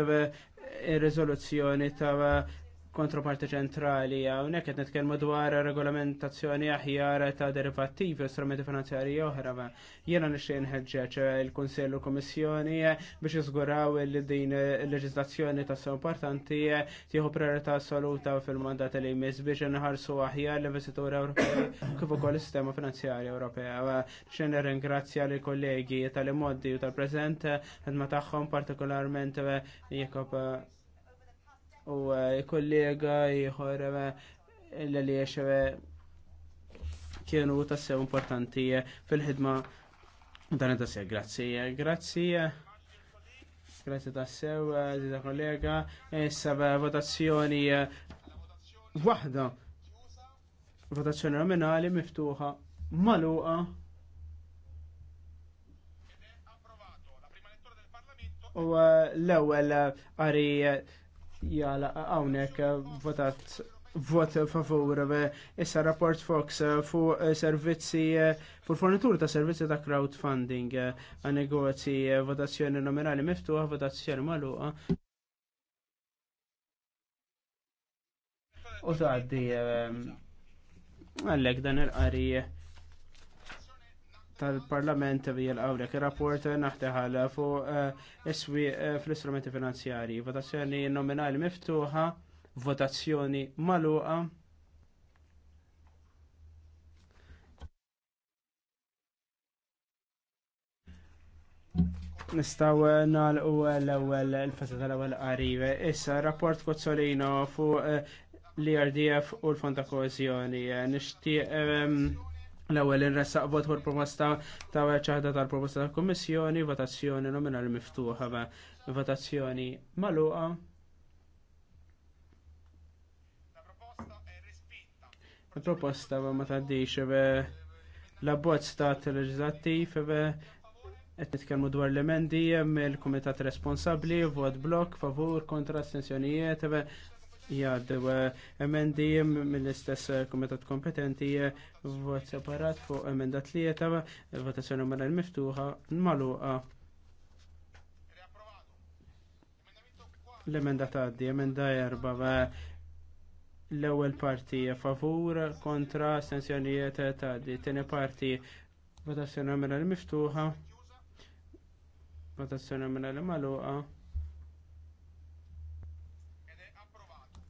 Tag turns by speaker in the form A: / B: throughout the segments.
A: ir-riżoluzzjoni ta' eh, eh, kontroparti ċentrali, hawnhekk qed nitkellmu dwar regolamentazzjoni aħjar ta' derivattivi u strumenti finanzjarji oħra, ma jiena nixtieq nħeġġeġ il-Kunsell u Kummissjoni biex iżguraw li din il-leġiżlazzjoni ta' importanti tieħu priorità assoluta fil-mandat li jmiss biex inħarsu aħjar l-investituri Ewropej kif ukoll is-sistema finanzjarja Ewropea. Xejn nirringrazzja lill kollegi tal immoddi u tal-preżent ħedma tagħhom partikolarment Jakob u eh, kollega ieħor eh, li eh, kienu tassew importanti fil-ħidma dan tasse Grazzi, grazzi. Grazzi tassew, zida kollega. Issa votazzjoni Wahda. Votazzjoni nominali miftuħa maluqa. U l-ewwel qari jala għawnek eh, votat vot favur eh, issa rapport Fox eh, fu servizzi fu fornitur ta' servizzi ta' crowdfunding għan negozi, votazzjoni nominali miftuħ votazzjoni maluqa u ta' għaddi għallek dan il-qarije tal-Parlament l għawrek il-rapport eh, naħteħal fuq eh, iswi eh, fl-istrumenti finanzjari. Votazzjoni nominali miftuħa, votazzjoni maluqa. Nistaw nal u l-ewel il-fasa tal-ewel għarive. Issa, rapport kozzolino fuq l-IRDF u l-Fonda Kozjoni. Nishtiq ehm, L-ewwel inressaq vot fuq proposta ta' ċaħda tal-proposta tal kummissjoni votazzjoni nominali miftuħa votazzjoni magħluqa. Il-proposta ma tgħaddix l-abbozz ta' leġislattiv qed nitkellmu dwar l-emendi hemm il-kumitat responsabbli vot blok favur kontra astensjonijiet jgħaddew eh, emendi mill-istess eh, kumitat kompetenti eh, vot separat fuq emenda tlieta votazzjoni mara l-miftuħa maluqa. L-emenda tgħaddi, emenda erba l-ewwel parti favur kontra astensjonijiet tgħaddi, tieni parti votazzjoni mara l-miftuħa votazzjoni mara l-maluqa.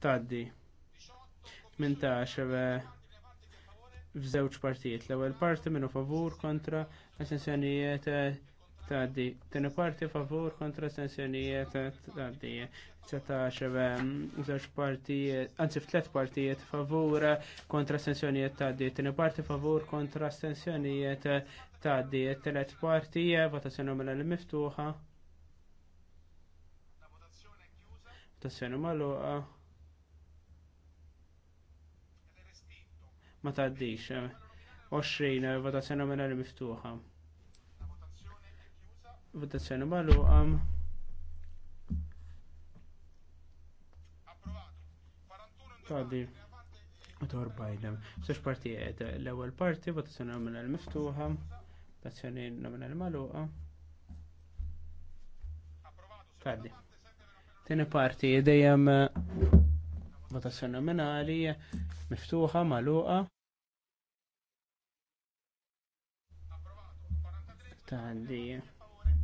A: taddi. 18 eh, f'żewġ partijiet. L-ewwel parti minnu favur kontra astensjonijiet eh, taddi. Tieni parti favur kontra astensjonijiet eh, taddi. 19 żewġ partijiet, anzi f'tlet partijiet favur kontra astensjonijiet taddi. Tieni parti favur kontra astensjonijiet taddi. Tlet parti votazzjoni li mela miftuħa. Votazzjoni magħluqa. ma taddix. 20 eh, eh, votazzjoni nominali miftuħa. Votazzjoni magħluqa. Tgħaddi. Tor Sux parti għed eh, l-ewwel parti votazzjoni nominali miftuħa, votazzjoni nominali magħluqa. Tgħaddi. Tieni parti dejjem votazzjoni nominali miftuħa magħluqa. tgħaddi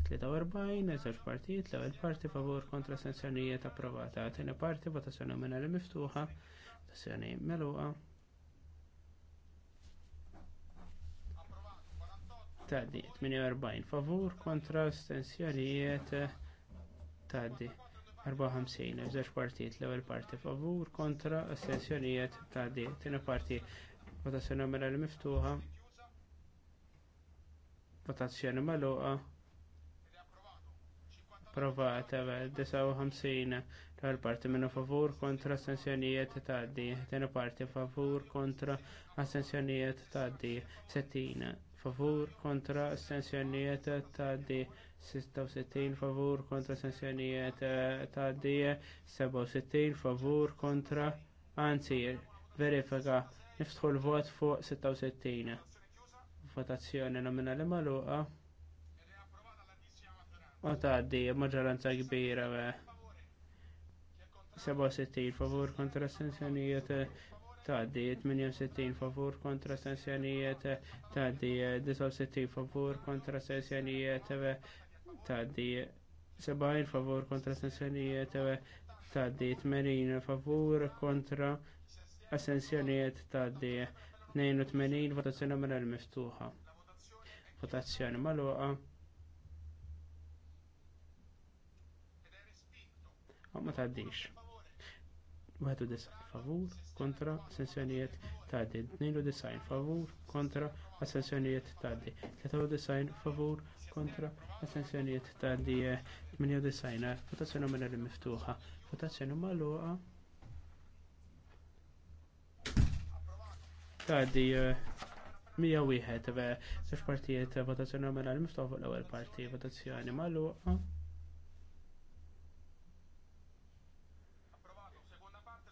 A: 43 żewġ partijiet l-ewwel parti favur kontra sanzjonijiet approvata, tieni parti votazzjoni nominali miftuħa, votazzjoni meluqa. Tgħaddi 48 favur kontra astensjonijiet tgħaddi 54 żewġ partijiet l-ewwel parti favur kontra astensjonijiet tgħaddi, tieni parti votazzjoni nominali miftuħa, Votazzjoni maluqa. Provata 59 tal parti minnu favur kontra astensjonijiet tgħaddi. Tieni parti favur kontra astensjonijiet tgħaddi. 60 favur kontra astensjonijiet tgħaddi. 66 favur kontra sanzjonijiet ta' d 67 favur kontra anzi verifika nifsħu l-vot fuq 66 votazzjoni nominali maluqa. U taddi, maġġoranza kbira be. 67 favur kontra sanzjonijiet taddi, 68 favur kontra sanzjonijiet taddi, 69 favur kontra sanzjonijiet taddi, 70 favur kontra sanzjonijiet taddi, 80 favur kontra assenzjonijiet taddi. 82 votazzjoni mela l miftuħa. Votazzjoni magħluqa. Ma tgħaddix. 91 favur kontra assenzjonijiet tgħaddi. 92 favur kontra assenzjonijiet tgħaddi. 93 favur kontra assenzjonijiet tgħaddi. 98 votazzjoni mela l miftuħa. Votazzjoni magħluqa. Tadi 101 eh, ve sex partijiet eh, votazzjoni nominali miftuħ fuq l-ewwel parti votazzjoni magħluqa.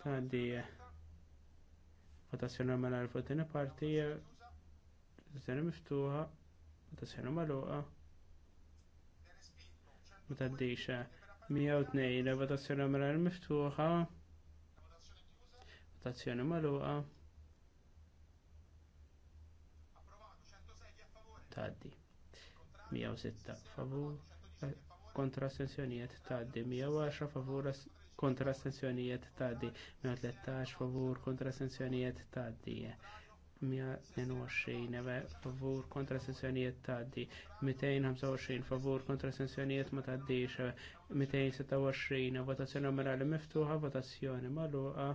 A: Tadi eh, votazzjoni nominali fuq tieni parti votazzjoni miftuħa votazzjoni magħluqa. Ma u tnejn, votazzjoni nominali miftuħa votazzjoni magħluqa. tgħaddi. 106 favur kontra sessjonijiet tgħaddi. 110 favur kontra sessjonijiet tgħaddi. 113 favur kontra sessjonijiet tgħaddi. 122 favur kontra sessjonijiet tgħaddi 225 favur kontra sessjonijiet ma tgħaddix 226 votazzjoni nominali miftuħa, votazzjoni magħluqa.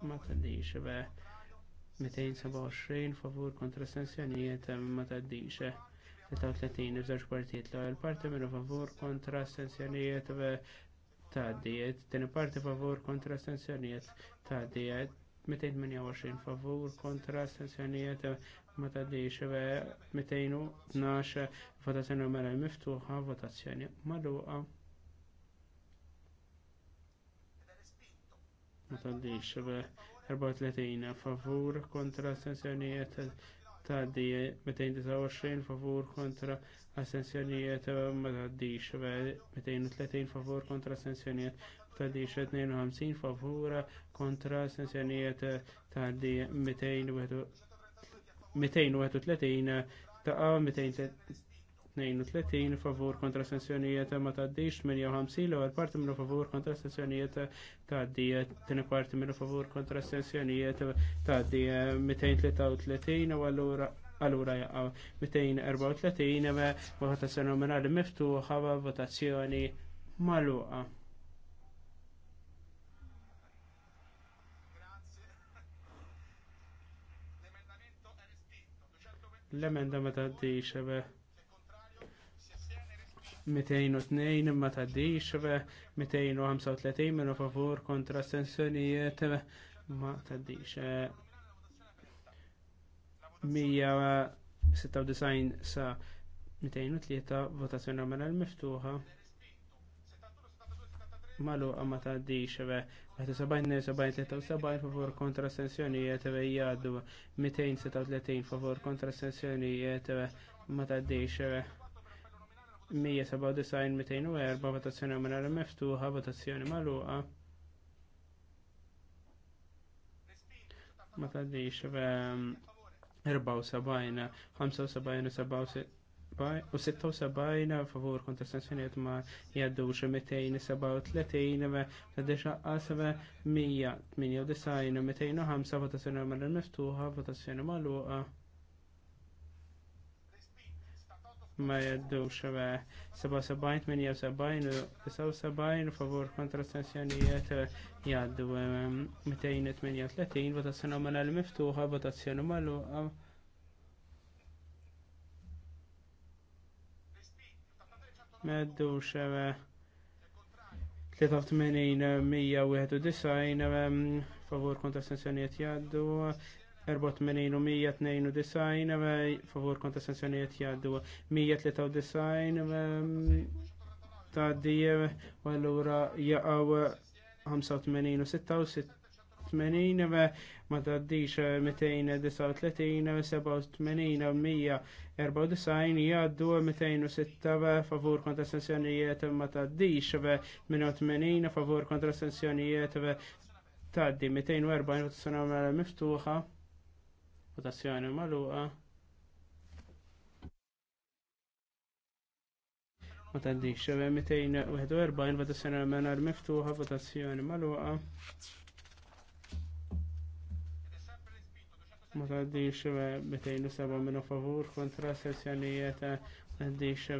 A: ma taddix, be 227 favur kontra astensjonijiet ma taddix. 33 f'żewġ partijiet l-ewwel parti minnu favur kontra astensjonijiet taddijiet din parti favur kontra astensjonijiet taddijiet 228 favur kontra astensjonijiet ma taddix tgħaddix 212 votazzjoni numera miftuħa, votazzjoni magħluqa. ma taddix 34 favur kontra astensjonijiet taddi 229 favur kontra ascensjonijiet ma taddix 230 favur kontra astensjonijiet taddi 52 favur kontra astensjonijiet taddi 231 taqa 230 32 favur kontra sensjonijiet ma taddix 58 l-ewwel parti minnu favur kontra sensjonijiet tgħaddi tieni parti minnu favur kontra sensjonijiet tgħaddi 233 u allura Allura jaqqa 234 votazzjoni nominali miftuħa votazzjoni maluqa. l-emenda ma taddix, 202 imma taddix 235 minu favur kontra astensjonijiet ma taddix 196 e, sa 203 votazzjoni għamela l-miftuħa malu għamma taddix 73 favur kontra sensjonijiet ve jgħaddu 236 favur kontra sensjonijiet ve ma taddix 197-204 votazzjoni nominali miftuħa, votazzjoni magħluqa. Ma tadix 74, 75 u 76 favur kontra sanzjoniet ma jaddux 237 tadix aqqas 198 205 votazzjoni nominali miftuħa, votazzjoni magħluqa. ma jaddux 77-78 favur kontra sanzjonijiet jaddu 238 votazzjoni nominali miftuħa votazzjoni magħluqa. ma jaddux 83-191 favur kontra sanzjonijiet jaddu 1492 u 192 eh, kontra sanzjonijiet jaddu 193 ta' eh, d-dije eh, u allura jaqaw 85 u 86 80 ma taddix 239 194 jgħaddu 206 favor kontra sanzjonijiet ma taddix 88 favor kontra sanzjonijiet taddi 240 miftuħa votazzjoni maluqa. Ma taddix, 241 votazzjoni menar miftuħa, votazzjoni maluqa. Ma taddix, 207 minu favur, kontra sessjonijiet, ma taddix,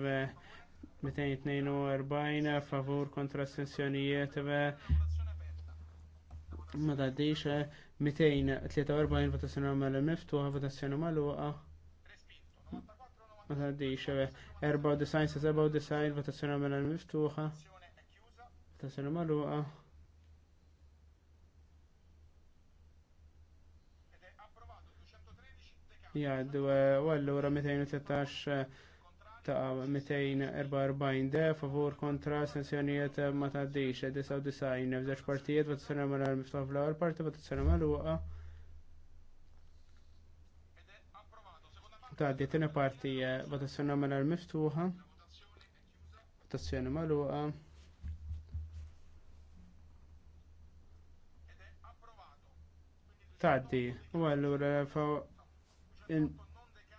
A: 242 favur kontra sessjonijiet, ma taddix, 243 votazzjoni għamela miftuħa, votazzjoni maluqa. Ma 94 sa 97 votazzjoni għamela miftuħa, votazzjoni Ja, Jaddu, eh, u għallura 213 ta' 244 de favor kontra sanzjonijiet ma ta' disaw disajn, f'żewġ partijiet ma' t-sena votazzjoni mal miftuħ fl-ewwel parti votazzjoni magħluqa. Tgħaddi tieni parti eh, votazzjoni mal miftuħa. Votazzjoni Ta' di, u fa'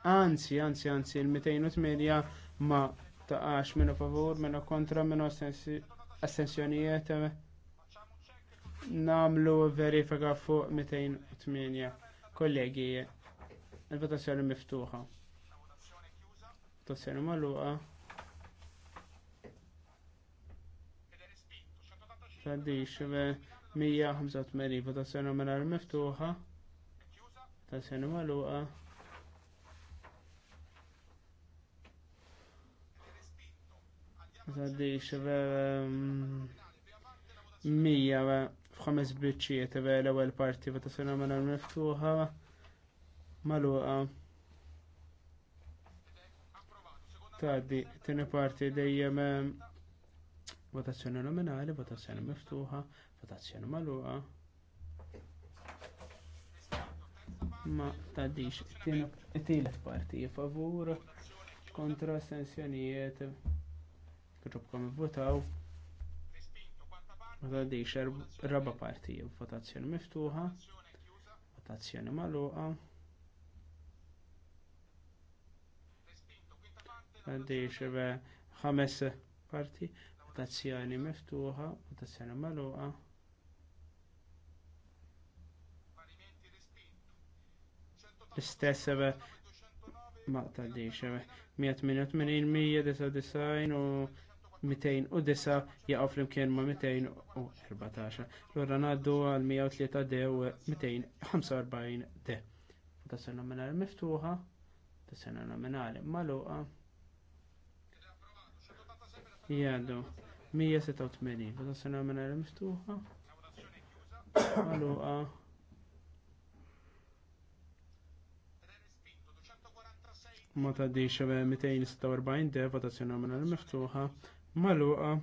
A: Anzi, anzi, anzi, il-208 ma taqax minu favor, minu kontra, minu astensjonijiet. Namlu verifika fuq 208. Kollegi, il-votazzjoni miftuħa. Votazzjoni maluqa. Taddix, 185 votazzjoni minar miftuħa. Votazzjoni maluqa. Zadix, mija f'ħames biċċiet l-ewwel parti ta' fenomena miftuħa maluqa. Tgħaddi tieni parti dejjem votazzjoni nominali, votazzjoni miftuħa, votazzjoni magħluqa. Ma tgħaddix it-tielet parti favur kontra sensjonijiet kħiġobkom votaw. Ma taddix raba parti, votazzjoni miftuħa, votazzjoni maluqa. Taddix raba ħames parti, votazzjoni miftuħa, votazzjoni maluqa. Istess ma taddix raba 188, 199 u 209 jaqgħu flimkien ma' 214. Lura ngħaddu għal 103 u 245 de. Votazzjoni nominali miftuħa, votazzjoni nominali magħluqa. Jgħaddu 186 votazzjoni nominali miftuħa. Magħluqa. ma taddix 246 eh, de votazzjoni nominali miftuħa, Maluqa.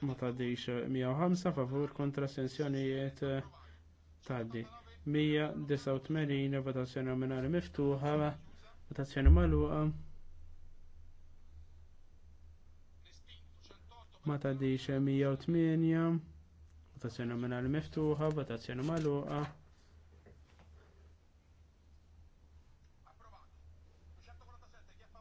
A: Ma tadix 105 favur kontra sensjonijiet taddi. 189 votazzjoni nominali miftuħa, votazzjoni maluqa. ma tadix 108 votazzjoni nominali miftuħa, votazzjoni maluqa.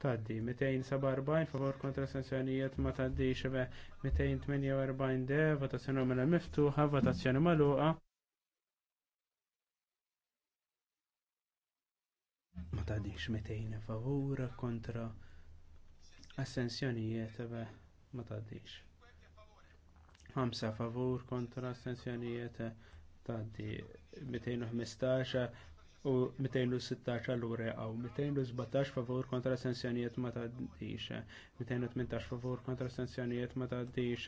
A: taddi 247 favor kontra sanzjonijiet ma taddi xebe 248 de votazzjoni mela miftuħa votazzjoni magħluqa. ma tadix metejn favor kontra assenzjonijiet be ma tadix 5 favor kontra assenzjonijiet taddi 215 u 216 għallura għaw, 217 favur kontra sanzjonijiet ma taddix, 218 favur kontra sanzjonijiet ma taddix,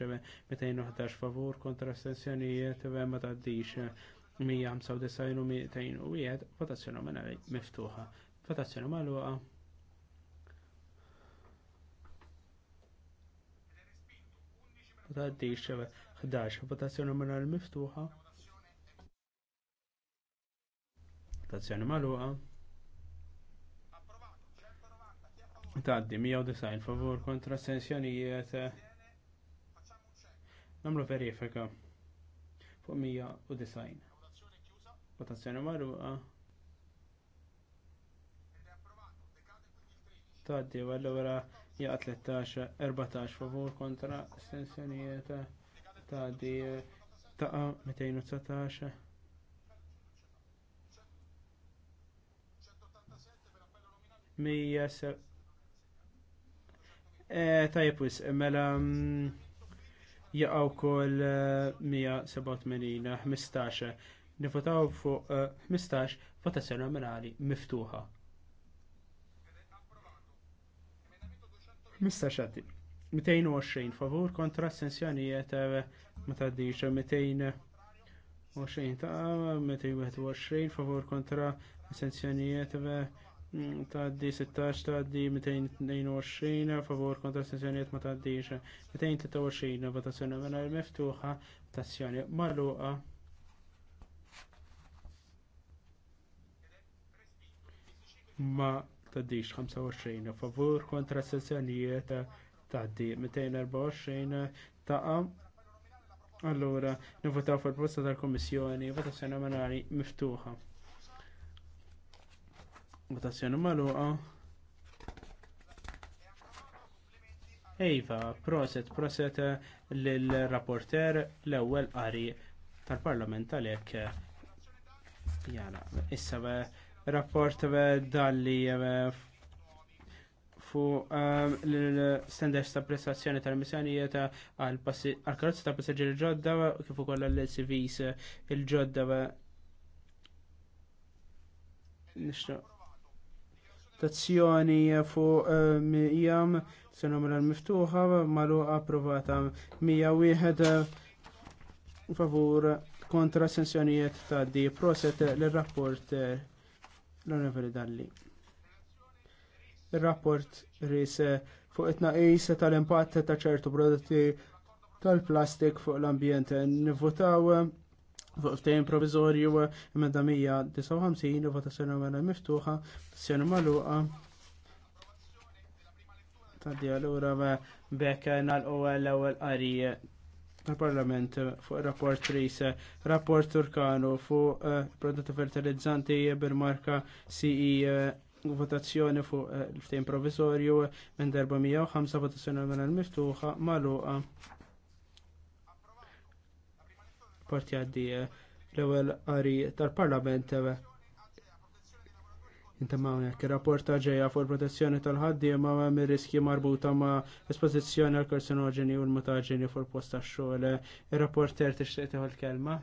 A: 211 favur kontra sanzjonijiet ma taddix, 195 u 201 votazzjoni nominali miftuħa. Votazzjoni magħluqa. Taddix 11 votazzjoni nominali miftuħa. Votazzjoni magħluqa. Taddi 190 favur kontra astensjonijiet. Namlu verifika fuq 190. Votazzjoni magħluqa. Taddi, għallura jaqa 13, 14 favur kontra stensjonijiet ta' di ta' 219. Mijas. Eh, Tajpus, mela jaqaw kol 187, 15. Nifotaw fuq 15 eh, votazzjoni nominali miftuħa. Mistaxati. 220 favur kontra sensjonijiet eh, ma taddiċ 220 ta' 221 favur kontra sensjonijiet taddi 16 taddi 222 favor kontra sessjoniet ma taddix 223 votazzjoni għana mela miftuħa votazzjoni magħluqa ma taddix 25 favor kontra sessjonijiet taddi 224 taqa Allora, nivotaw fil posta tal-Komissjoni, votazzjoni għana manari miftuħa. Mutazzjoni maluqa. Ejva, proset, proset l-rapporter l-ewel qari tal-parlament tal-ek. Jana, issa rapport dalli fu eh, l standard ta' prestazzjoni tal-missjonijiet għal-karozza ta' passagġeri ġodda kif ukoll l-CVs il-ġodda Nishtu votazzjoni fuq eh, jam l miftuħa malu approvata 101 eh, favur kontra sensjonijiet ta' di proset l-rapport l-onorevoli Dalli. Il-rapport ris eh, fuq it-naqis tal-impatt ta' ċertu prodotti tal-plastik fuq l-ambjent. Nivvotaw fuq ftehim provizorju emenda 159 votazzjoni għana miftuħa, votazzjoni magħluqa. Taddi allura bekk nalqu l-ewwel qari tal-Parlament fuq rapport Tris, rapport Turkanu fuq eh, prodotti fertilizzanti bil-marka CE votazzjoni fuq eh, il-ftehim provizorju minn 405 votazzjoni għana miftuħa magħluqa parti għaddija eh, l-ewel għari tal-parlament eh, Inta mawnek, rapport ġeja fuq protezzjoni tal-ħaddiema ma' ir riski marbuta ma' esposizjoni għal karsinogeni u l-mutaġeni fuq posta xogħol. Eh, ir-rapporter tixtieq tieħu l-kelma.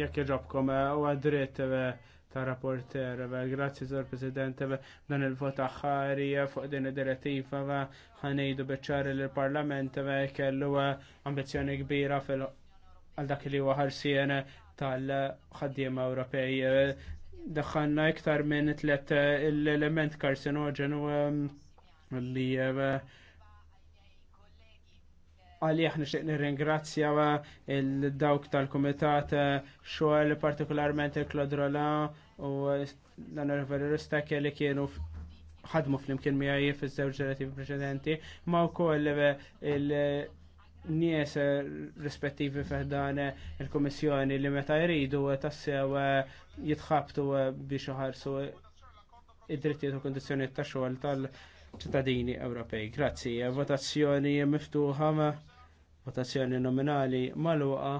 A: Jekk iġobkom u għad-dritt ta' rapporter, grazzi zor President, dan il-vot ħari, fuq din id-direttiva ħanejdu beċċari il parlament kellu eh, ambizjoni kbira fil għal dak li huwa ħarsien tal ħaddiema Ewropej. Eh, Daħħanna iktar minn tlet eh, l-element karsinoġenu li għalli aħna xtiq nirringrazzja eh, il-dawk tal-komitat eh, xogħol partikolarment il-Claude Roland u l-Onorevoli Rustak li kienu ħadmu fl-imkien miegħi fiż-żewġ relativi preċedenti, ma wkoll eh, il-nies rispettivi fehdan il-Kummissjoni li meta jridu tassew jitħabtu biex iħarsu id-drittijiet u kondizzjonijiet ta' xogħol tal- ċittadini Ewropej. Grazzi, votazzjoni miftuħa, votazzjoni nominali maluqa.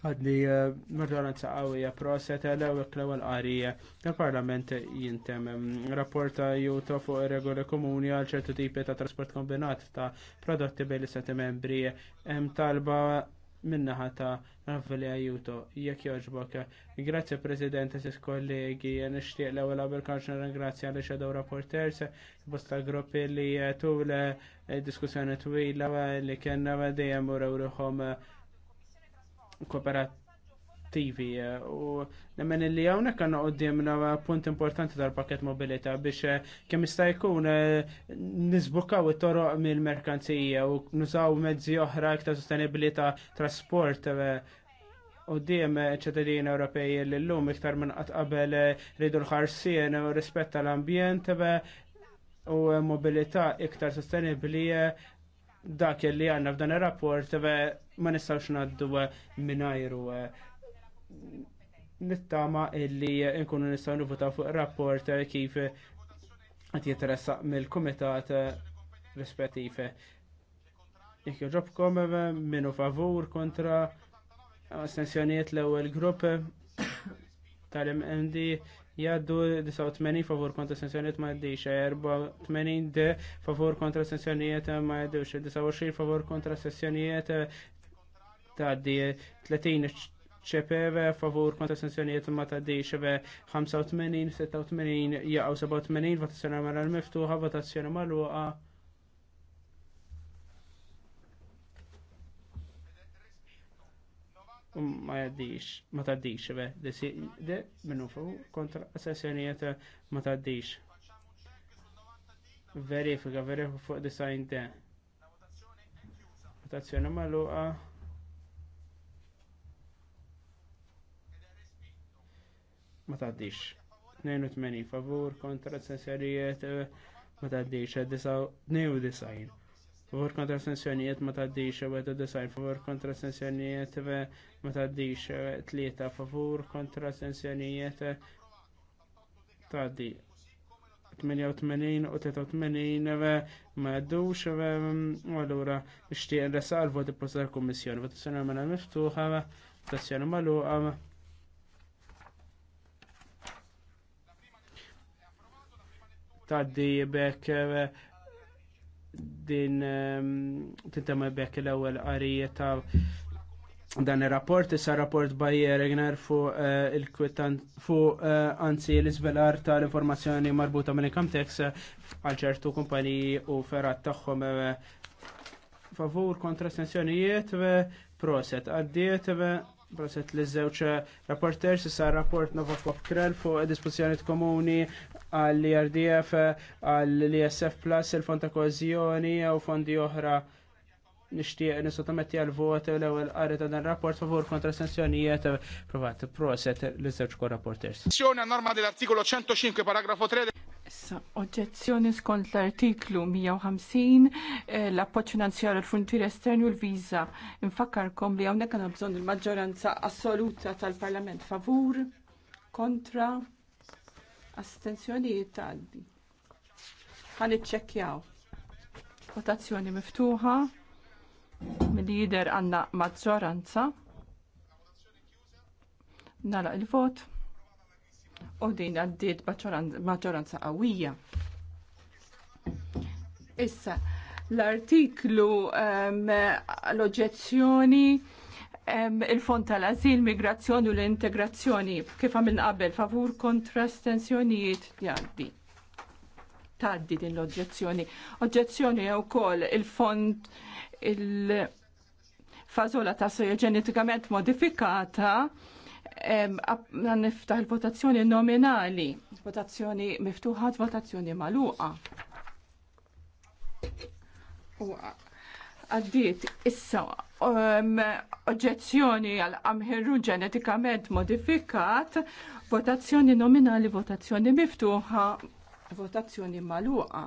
A: għadli eh, maġġoranza qawwija proset għal eh, l-ewwel qarija eh, il parlament jintem rapporta juta fuq regoli komuni għal ċertu tipi ta' trasport kombinat ta' prodotti bejn l-istati membri hemm talba minnaħa ta' Ravveli għajuto, jek joġbok. Grazie President, s kollegi, nishtiq l-ewel għabel kanċna ringrazzja għalli xedaw rapporters, bosta gruppi li eh, l eh, diskussjoni twila li kena għadijem u rruħom eh, kooperat attivi eh, u nemmen li hawnhekk għandna qudiemna punt importanti tal-pakket mobilità biex eh, kemm jista' jkun eh, niżbukaw it-toroq mill-merkanzija u nużaw mezzi oħra iktar sostenibilità trasport u d ċittadini Ewropej l-lum iktar minn qatt qabel ridu l-ħarsien u rispetta l-ambjent u mobilità iktar sostenibbli dak li għanna f'dan ir-rapport ma nistgħux ngħaddu mingħajru nittama illi nkunu nistgħu nivutaw fuq rapport kif għat jitressaq mill-kumitat rispettiv. Jekk joġobkom minu favur kontra astensjonijiet l-ewwel grupp tal-MND jaddu 89 favur kontra sanzjoniet ma jaddix, 84 de favur kontra sanzjoniet ma jaddux, 29 favur kontra sanzjoniet ta' 30 ċepeve favur ma kontra sanzjonijiet ma taddix 85, 86, jaqaw 87, votazzjoni ma' l-miftuħa, votazzjoni ma' l-uqa. Mm, ma jaddix, ma taddix, be, de minnu fuq kontra sessjonijiet ma taddix. Verifika, verifika fuq disajn de. Votazzjoni ma' l-uqa. ma taddix. 82 favur kontra sensjonijiet eh, ma taddix 92 favur kontra sensjonijiet ma taddix 91 favur kontra sensjonijiet eh, ma taddix 3 favur kontra sensjonijiet eh, taddi 88 u 83 ma dux mm, u allura ixtieq resalvo di posta l-Kummissjoni. Votazzjoni mela miftuħa, votazzjoni magħluqa. taddi bekk din ehm, tintema bekk l-ewwel qarija ta' dan ir-rapport issa rapport Bayer Egner fuq eh, il kwittan fuq eh, anzi l-iżvelar tal-informazzjoni marbuta minn Camtex għal ċertu kumpaniji u ferrat tagħhom eh, favur kontra sensjonijiet, proset għaddiet proset li żewġ rapporters issa rapport Novakov Krell fuq dispożizzjonijiet komuni għall-IRDF, għall-ISF Plus, il-Fond ta' Kozjoni u fondi oħra nishtiq nisotometti għal-vot u l ewwel qari ta' dan rapport favur kontra sanzjonijiet provat proset l kor korrapporters.
B: Sanzjoni norma dell-artikolo 105 paragrafo 3. Issa, oġġezzjoni skont l-artiklu 150 eh, l-appoċ finanzjar l-frontier esterni u l-viza. Infakkarkom li hawnhekk għandna bżonn il-maġġoranza assoluta tal-Parlament favur kontra astenzjonijiet tgħaddi. Ħan iċċekkjaw. Votazzjoni miftuħa mill-lider għandna maġġoranza. Nara il-vot u din għaddiet maġġoranza qawwija. Issa, l-artiklu um, l-oġezzjoni il-fond tal-azil, migrazzjoni u l-integrazzjoni kif għamil qabel favur kontra stensjonijiet jaddi. Taddi din l-oġġezzjoni. Oġġezzjoni u kol il-fond il-fazola ta' soja ġenetikament modifikata niftaħ il-votazzjoni nominali, votazzjoni miftuħa, votazzjoni maluqa. U għaddiet issa Um, oġġezzjoni għal amħirru ġenetikament modifikat, votazzjoni nominali, votazzjoni miftuħa, votazzjoni maluqa.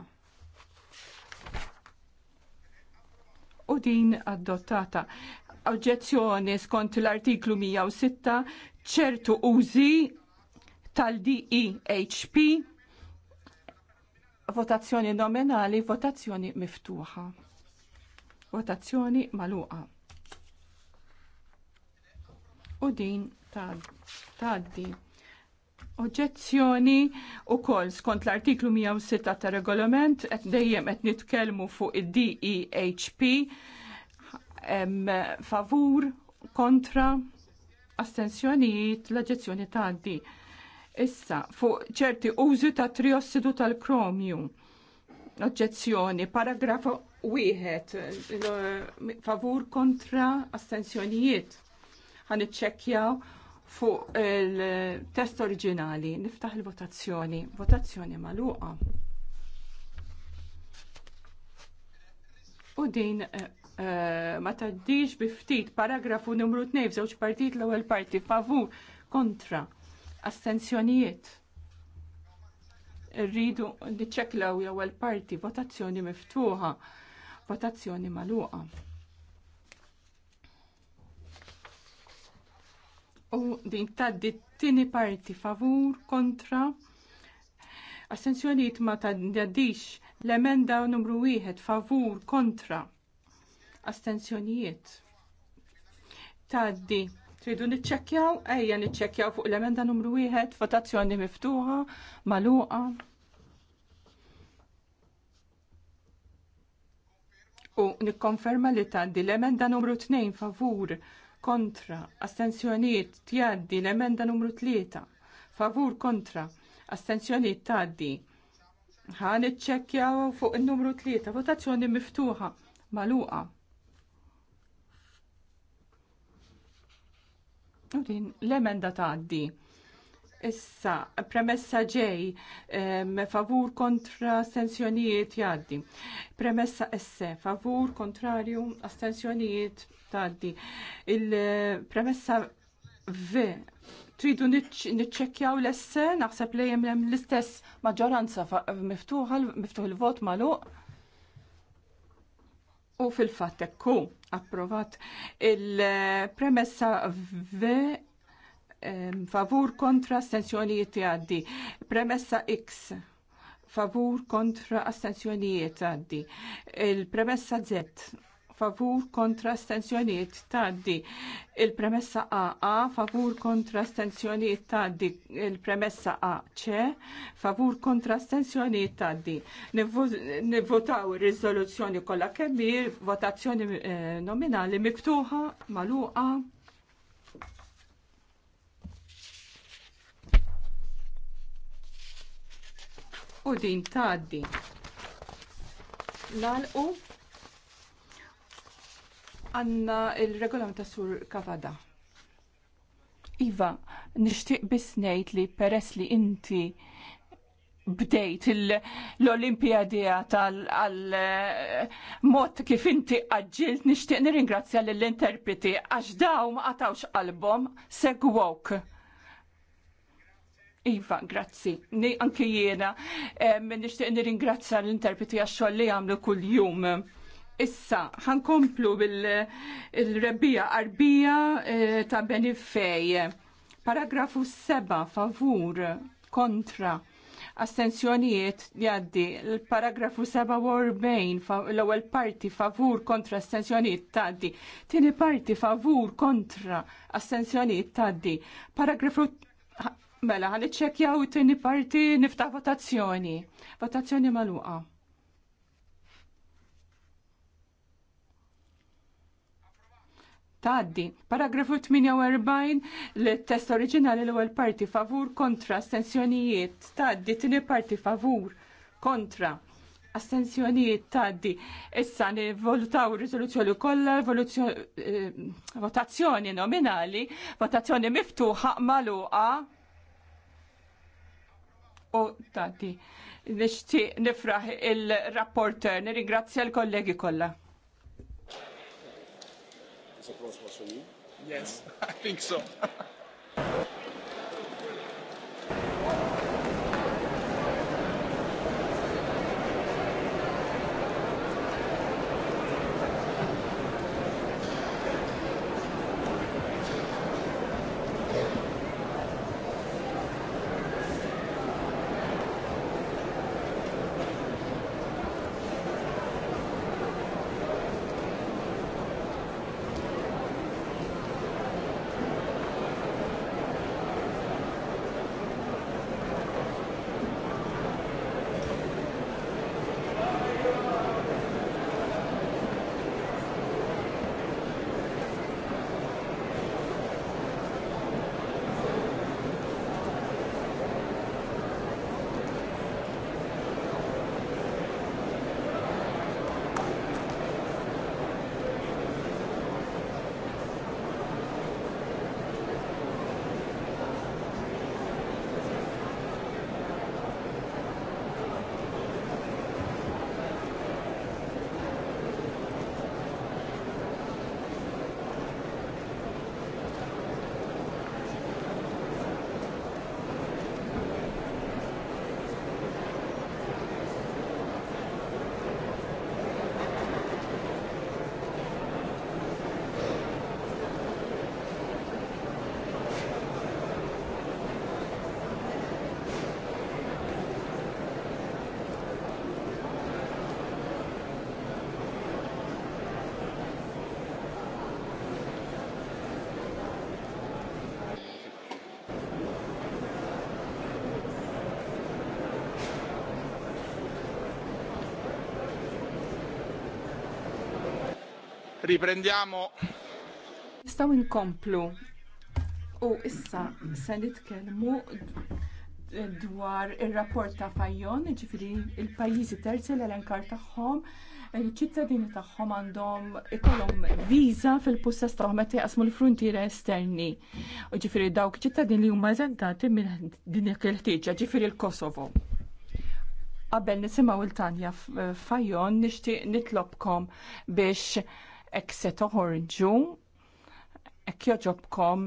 B: U din adottata. Oġezzjoni oġġezzjoni skont l-artiklu 106 ċertu użi tal-DEHP votazzjoni nominali, votazzjoni miftuħa. Votazzjoni maluqa u din tgħaddi. Oġġezzjoni u skont l-artiklu 106 ta' regolament qed dejjem qed nitkellmu fuq id-DEHP favur kontra astensjonijiet l-oġġezzjoni tgħaddi. Issa fuq ċerti użi ta' triossidu tal-kromju. Oġġezzjoni, paragrafu wieħed favur kontra astensjonijiet ħan iċċekkjaw fuq il-test oriġinali. Niftaħ il-votazzjoni. Votazzjoni maluqa. U din eh, eh, ma taddix biftit paragrafu numru 2 żewġ partit l-ewwel parti favur kontra astenzjonijiet. Rridu niċċeklaw l-ewwel parti votazzjoni miftuħa, votazzjoni maluqa. u din taddi t-tini parti favur kontra astenzjoniet ma taddix l-emenda numru wieħed favur kontra astenzjonijiet taddi tridu niċċekkjaw ejja niċċekkjaw fuq l-emenda numru wieħed votazzjoni miftuħa maluqa u nikkonferma li tgħaddi l-emenda numru 2 favur kontra, astenzjonijiet tjaddi l-emenda numru 3, favur kontra, astenzjonijiet tjaddi. Għan iċċekkjaw fuq il-numru 3, votazzjoni miftuħa, maluqa. Din l-emenda taddi. Issa, premessa ġej, me favur kontra astensjonijiet jaddi. Premessa esse, favur kontrarju astensjonijiet taddi. Il-premessa v, tridu nitċekjaw l-esse, naħseb li jemlem l-istess maġġoranza miftuħ il-vot malu U fil-fatt ekku approvat il-premessa v favur kontra astenzjonijiet għaddi. Premessa X favur kontra astenzjonijiet għaddi. Il-premessa Z favur kontra astenzjonijiet għaddi. Il-premessa a favur kontra astenzjonijiet għaddi. Il-premessa a C. favur kontra astenzjonijiet għaddi. Nivvotaw ir-riżoluzzjoni kollha kemm votazzjoni eh, nominali miktuħa maluqa. u din tgħaddi. Nalqu għandna il-regolament ta' sur Kavada. Iva, nixtieq biss ngħid li peress li inti bdejt l-Olimpijadi tal-mod eh, kif inti għagġilt nishtiq nirringrazzja l-interpreti għax dawn ma għatawx qalbhom segwok. Iva, grazzi. Ni anki jiena, minn nishtiq nirringrazzja l-interpreti għax-xogħol li għamlu kull-jum. Issa, ħankomplu bil-rebbija qarbija e, ta' Benifej. Paragrafu 7, favur, kontra, astensjonijiet li għaddi. L-paragrafu 47, l-ewwel parti favur kontra astensjonijiet tgħaddi. Tieni parti favur kontra astensjonijiet tgħaddi. Paragrafu Mela, għalli ċekjaw it-tini parti niftaħ votazzjoni. Votazzjoni maluqa. Taddi, paragrafu 48, l-test oriġinali l-ewwel parti favur kontra astensjonijiet. Taddi, tini parti favur kontra astensjonijiet taddi. Issa nivolutaw riżoluzzjoni kollha, eh, votazzjoni nominali, votazzjoni miftuħa maluqa u tati. Nishti nifraħ il-rapporter, nirringrazzja l-kollegi kollha.
C: Yes, I think so.
B: Riprendiamo. Nistaw inkomplu. U issa se nitkellmu dwar ir-rapport ta' Fajjon, ġifiri il-pajjiżi terzi l-elenkar tagħhom, il-ċittadini tagħhom għandhom ikollhom viża fil-pussess tagħhom qed jaqsmu l-fruntiera esterni. U ġifiri dawk ċittadini li huma eżentati minn din il-ħtieġa, ġifiri l-Kosovo. Qabel nisimgħu il-Tanja Fajjon nixtieq nitlobkom biex ek se toħorġu ek joġobkom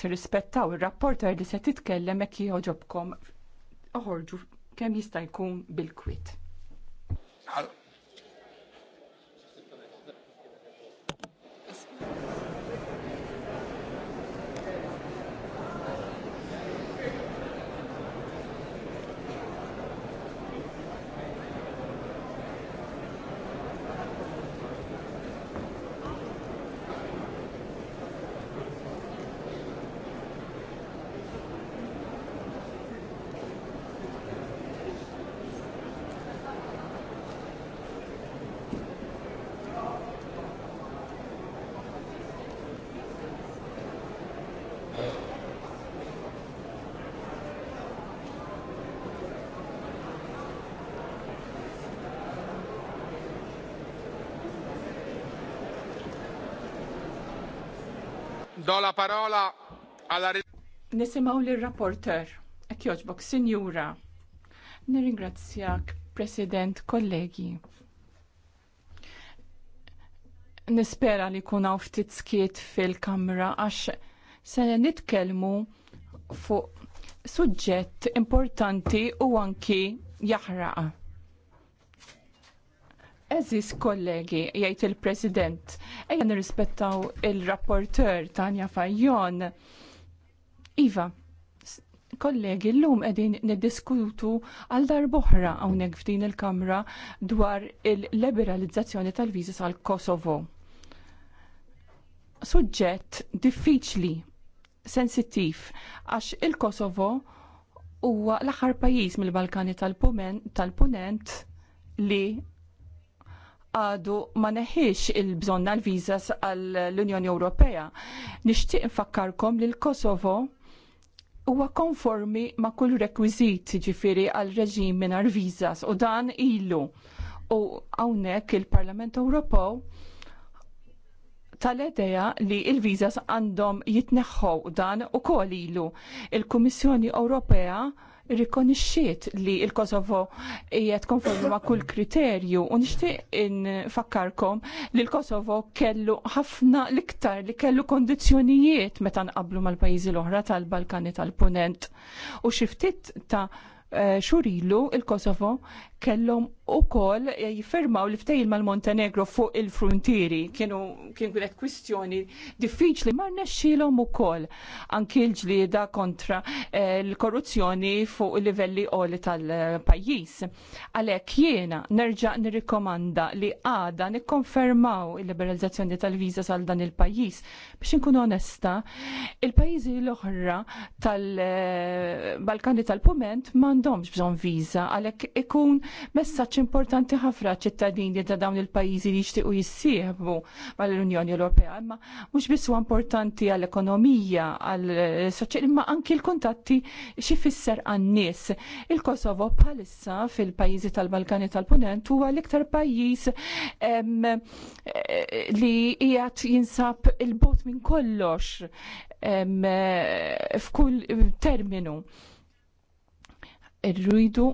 B: tirrispettaw ir-rapporter li se titkellem hekk joġobkom oħorġu kemm jista' jkun bil-kwit.
A: do la parola alla
B: Nisimaw li rapporter ek joġbok, sinjura. Nirringrazzjak, President, kollegi. Nispera li kuna hawn ftit skiet fil-kamra għax se nitkellmu fuq suġġett importanti u anki jaħraqa. Eżis kollegi, jgħid il-President, ejja nirrispettaw il-rapporter Tanja Fajjon. Iva, kollegi, l-lum edin niddiskutu għal darboħra għawnek f'din il-Kamra dwar il-liberalizzazzjoni tal-vizis għal Kosovo. Suġġett diffiċli, sensittiv, għax il-Kosovo huwa l-aħħar pajjiż mill-Balkani tal-Punent li għadu ma neħiex il-bżonna l-vizas għall-Unjoni Ewropea. Nixtieq infakkarkom li l-Kosovo huwa konformi ma' kull rekwiżit ġifiri għal reġim mingħajr vizas u dan ilu. U hawnhekk il-Parlament Ewropew tal-edeja li il-vizas għandhom jitneħħu dan ukoll ilu. Il-Kummissjoni Ewropea rikonixxiet li il-Kosovo qiegħed konformi ma' kull kriterju u nixtieq infakkarkom li l-Kosovo kellu ħafna l-iktar li kellu kondizzjonijiet meta nqablu mal-pajjiżi l-oħra tal-Balkani tal-Punent. U xi ftit ta' eh, xurilu il-Kosovo kellhom u kol eh, jifirmaw l-ftejl mal-Montenegro fuq il-frontieri. Kienu kien għet kwistjoni diffiċli ma rnexxilhom ukoll anki l-ġlieda kontra eh, l-korruzzjoni fuq il-livelli qoli tal-pajjiż. Għalhekk jiena nerġa' nirrikomanda li għada nikkonfermaw il-liberalizzazzjoni tal-viża sal dan il-pajjiż. Biex inkun onesta, il-pajjiżi l-oħra tal-Balkani eh, tal-Pument m'għandhomx bżonn viża għalhekk ikun messaġġ importanti ħafna ċittadini ta' dawn il-pajjiżi li jixtiequ jissieħbu mal-Unjoni Ewropea, imma mhux biss huwa importanti għall-ekonomija, għall soċjali imma anki l-kuntatti xi fisser għan-nies. Il-Kosovo bħalissa fil-pajjiżi tal-Balkani tal-Punent huwa l-iktar pajjiż li qiegħed jinsab il-bot minn kollox f'kull terminu irridu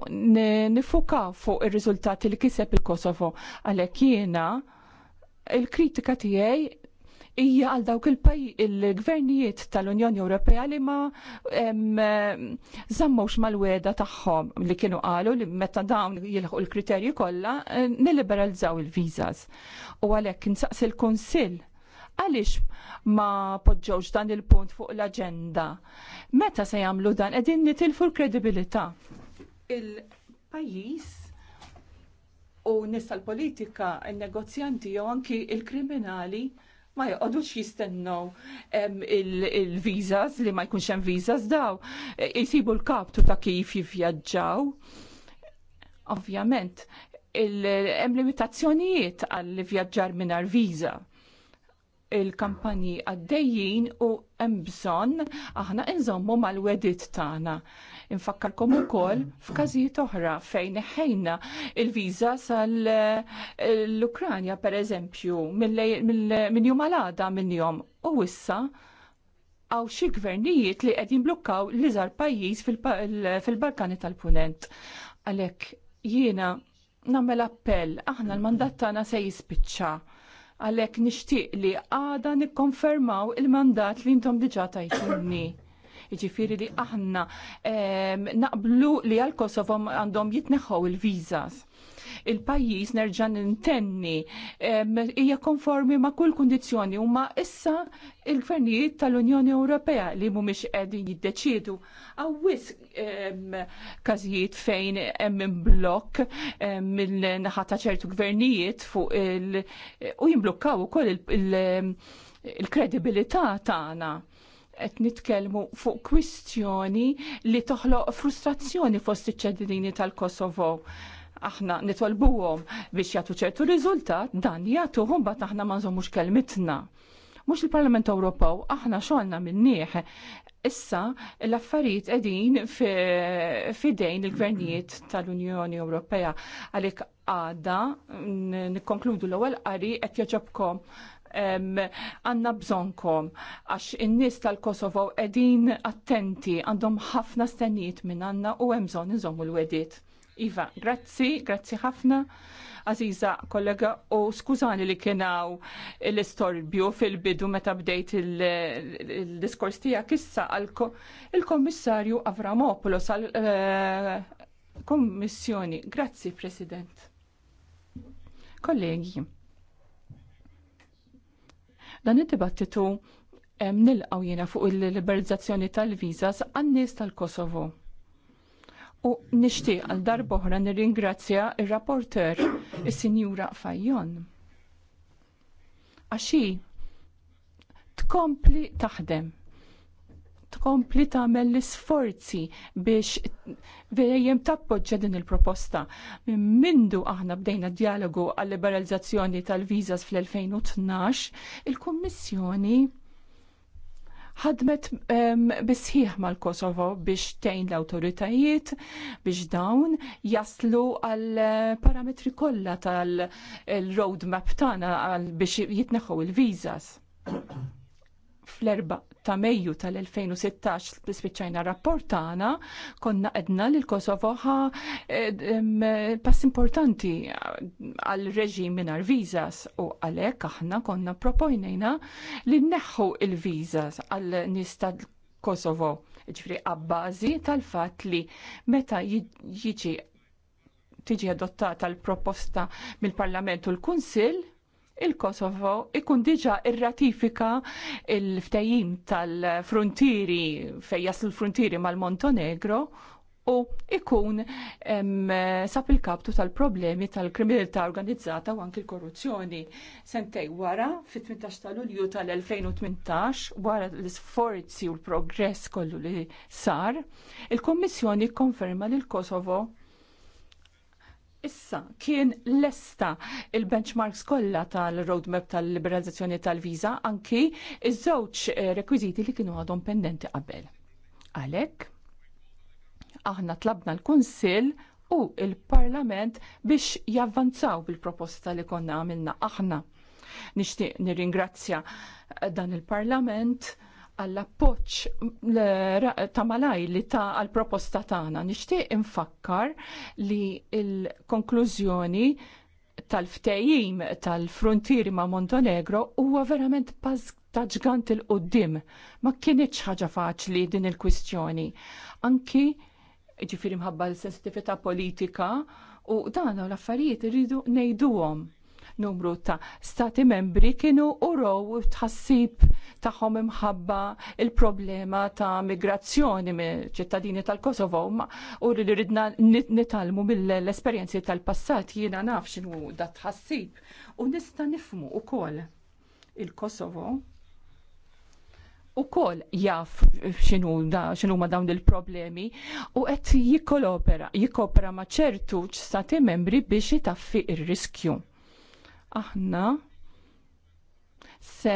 B: nifuka fuq ir-riżultati li kiseb il-Kosovo għalhekk jiena il-kritika tiegħi hija għal dawk il-gvernijiet tal-Unjoni Ewropea li ma żammawx mal-weda tagħhom li kienu qalu li meta dawn jilħu l-kriterji kollha eh, niliberalizzaw il-viżas. U għalhekk insaqs il-Kunsill għaliex ma poġġewx dan il-punt fuq l-agenda. Meta se jagħmlu dan qegħdin nitilfu l-kredibilità. Il-pajjiż u nista l-politika, il-negozjanti jew anki il-kriminali ma joqodux jistennu il-vizas li ma jkunx hemm vizas daw, e, jisibu l-kaptu ta' kif jivvjaġġaw. Ovvjament, hemm limitazzjonijiet għall vjaġġar mingħajr viża il-kampanji għaddejjin u hemm bżonn aħna inżommu mal-wedit tagħna. Infakkarkom ukoll f'każijiet oħra fejn ħejna il-viża sal-Ukranja pereżempju minn jum għalada minn jom u issa għaw xi gvernijiet li għedin blukkaw l-iżgħar pajjiż fil-Balkani tal-Punent. Għalhekk jiena nagħmel appell aħna l-mandat tagħna se jispiċċa Għalhekk nixtieq li għada nikkonfermaw il-mandat li intom diġà tajtunni. Jiġifieri li aħna ehm, naqblu li għal Kosovo għandhom jitneħħu il-vizas il-pajjiż nerġa' nintenni hija konformi ma' kull kundizzjoni u ma' issa il-gvernijiet tal-Unjoni Ewropea li mhumiex qegħdin jiddeċiedu għawis każijiet fejn hemm blokk mill ta' ċertu gvernijiet fuq il- u jimblukkaw ukoll il-kredibilità tagħna qed nitkellmu fuq kwistjoni li toħloq frustrazzjoni fost iċ-ċedini tal-Kosovo aħna nitolbuhom biex jagħtu ċertu riżultat, dan jagħtuhom bat aħna ma nżommux kelmitna. Mhux il-Parlament Ewropew aħna xogħolna minnieh. Issa l-affarijiet qegħdin fidejn il-gvernijiet tal-Unjoni Ewropea għalhekk għada nikkonkludu l-ewwel qari qed jaġobkom għanna bżonkom għax in-nies tal-Kosovo qegħdin attenti għandhom ħafna stennijiet minn għandna u hemm bżonn inżommu l-wedit. Iva, grazzi, grazzi ħafna. Aziza, kollega, u skużani li kienaw l-istorbju fil-bidu meta bdejt il-diskors tija kissa għal kommissarju eh, Avramopoulos għal-kommissjoni. Grazzi, President. Kollegi, dan id-dibattitu nil-għawjena fuq il-liberalizzazzjoni tal-vizas għan-nies tal-Kosovo. tal vizas għannis għan nies tal kosovo U nixtieq għal darboħra nirringrazzja r rapporter il sinjura Fajjon. Għaxi, tkompli taħdem tkompli tagħmel l-isforzi biex vejjem tappoġġa din il-proposta. Mindu aħna bdejna dialogu għal liberalizzazzjoni tal-viżas fl-2012, il-Kummissjoni ħadmet bisħiħ mal-Kosovo biex tejn l-autoritajiet biex dawn jaslu għal eh, parametri kollha tal-roadmap eh, tagħna biex jitneħħu il-viżas. Fl-erba' ta' Mejju tal-2016 bispiċċajna rapport tagħna konna qedna l Kosovo ħa eh, pass importanti għal reġim mingħajr visas u għalhekk aħna konna proponejna li nneħħu il-visas għal nies tal-Kosovo ġifri għabbażi tal-fatt li meta jiġi tiġi adottata l-proposta mill-Parlament u l-Kunsill il-Kosovo ikun diġa irratifika il-ftajim tal-frontieri fej il frontieri mal-Montenegro u ikun em, sab il-kaptu tal-problemi tal-kriminalità organizzata u anki l-korruzzjoni. Sentej wara, fit-18 ta' lulju tal-2018, wara l-sforzi u l-progress kollu li sar, il-Kommissjoni konferma li l-Kosovo issa kien lesta il-benchmarks kollha tal-roadmap tal-liberalizzazzjoni tal-viża anki iż-żewġ eh, rekwiżiti li kienu għadhom pendenti qabel. Għalhekk aħna tlabna l-Kunsill u il-Parlament biex javvanzaw bil-proposta li konna għamilna aħna. Nixtieq nirringrazzja eh, dan il-Parlament għall-appoċ ta' malaj li ta' għal-proposta tagħna. Nixtieq infakkar li l-konklużjoni tal-ftejim tal-frontieri ma' Montenegro huwa verament paż ta' ġgant il-qoddim. Ma kienieċ ħaġa faċli din il-kwistjoni. Anki ġifiri mħabba l-sensitivita politika u dan l-affarijiet irridu nejduhom numru ta' stati membri kienu uraw tħassib tagħhom imħabba il-problema ta' migrazzjoni mill ċittadini tal-Kosovo u li ridna nitalmu mill-esperjenzi tal-passat jiena naf x'inhu da tħassib u nista' nifmu kol il-Kosovo u kol jaf xinu, da, xinu ma dawn il-problemi u għet jikkolopera jikopera ma ċertu ċstati membri biex jitaffi il-riskju. Aħna se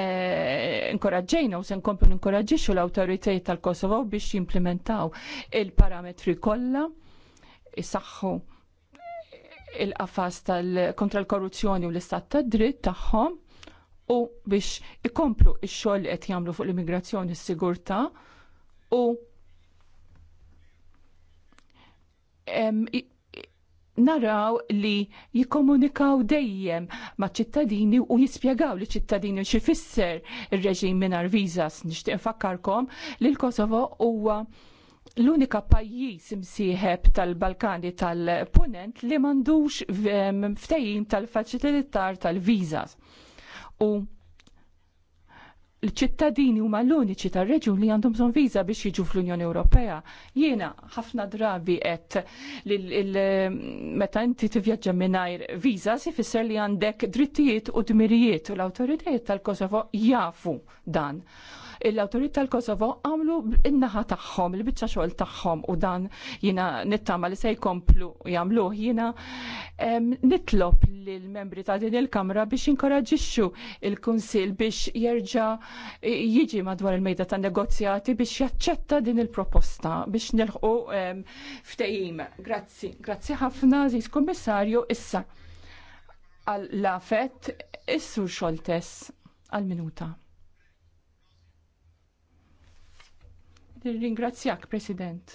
B: inkoraġġejna u se nkomplu ninkoraġġixxu l-awtoritajiet tal-Kosovo biex jimplementaw il-parametri kollha isaħħu il-qafas kontra l-korruzzjoni u l-istat tad dritt tagħhom u biex ikomplu x-xogħol li qed jagħmlu fuq l-immigrazzjoni s-sigurtà u naraw li jikomunikaw dejjem ma' ċittadini u jispjegaw li ċittadini xifisser il-reġim minar vizas. Nishtiq fakkarkom li l-Kosovo huwa l-unika pajjiż imsieħeb tal-Balkani tal-Punent li mandux ftehim tal-faċilitar tal-vizas. U l-ċittadini huma l-uniċi tar-reġjun li għandhom bżonn viża biex jiġu fl-Unjoni Ewropea. Jiena ħafna drabi qed meta inti tivvjaġġa mingħajr viża si fisser li għandek drittijiet u dmirijiet u l-awtoritajiet tal-Kosovo jafu dan l-autorità tal-Kosovo għamlu in-naħa tagħhom, il-biċċa xogħol tagħhom u dan jiena nittama li se jkomplu jina nitlop nitlob lill membri ta' din il-Kamra biex inkoraġiċu il-Kunsill biex jerġa' jiġi madwar il-mejda tan negozjati biex jaċċetta din il-proposta biex nilħqu ftehim. Grazzi, grazzi ħafna, zis Kommissarju, issa għal lafet, issu xoltes għal minuta. Ringrazzjak, President.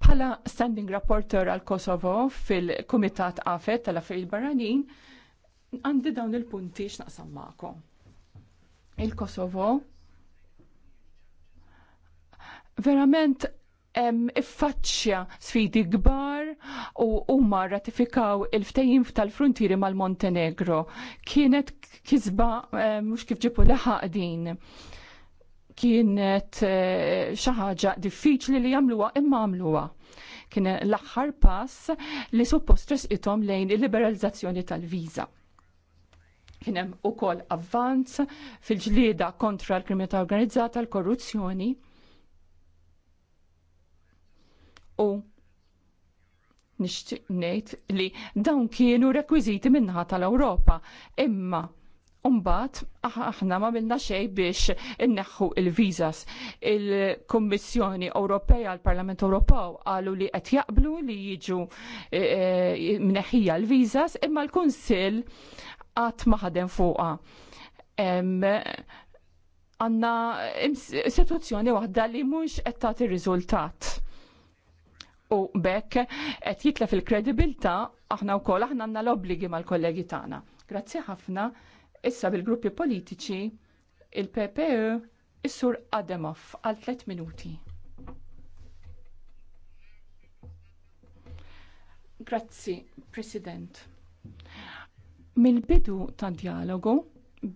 B: Bħala standing rapporter għal Kosovo fil-Kumitat Afet tal-Affarijiet Barranin, għandi dawn il-punti x'naqsam magħkom. Il-Kosovo verament iffaċċja sfidi kbar u huma ratifikaw il-ftehim tal-frontieri mal-Montenegro. Kienet kisba eh, mhux kif ġipu laħaq din. Kienet eh, xi ħaġa diffiċli li jagħmluha imma għamluha. Kien l-aħħar pass li suppost resqithom lejn il-liberalizzazzjoni tal-viża. Kien hemm ukoll avvanz fil-ġlieda kontra l-kriminalità organizzata, l-korruzzjoni, u nixtieq ngħid li dawn kienu rekwiżiti min tal-Ewropa. Imma Umbat, aħna ma minna xej biex inneħħu il-vizas. Il-Kommissjoni Ewropea l parlament Ewropew għalu li qed jaqblu li jiġu e, e, mneħħija l-vizas imma l-Kunsill għat ma ħadem fuqha. Għanna situazzjoni waħda li mux qed tagħti riżultat u bekk qed jitlef il-kredibilità aħna wkoll aħna għandna l-obbligi mal-kollegi tagħna. Grazzi ħafna issa bil-gruppi politiċi il-PPE is-sur Ademov għal 3 minuti. Grazzi, President. Mill-bidu ta' dialogu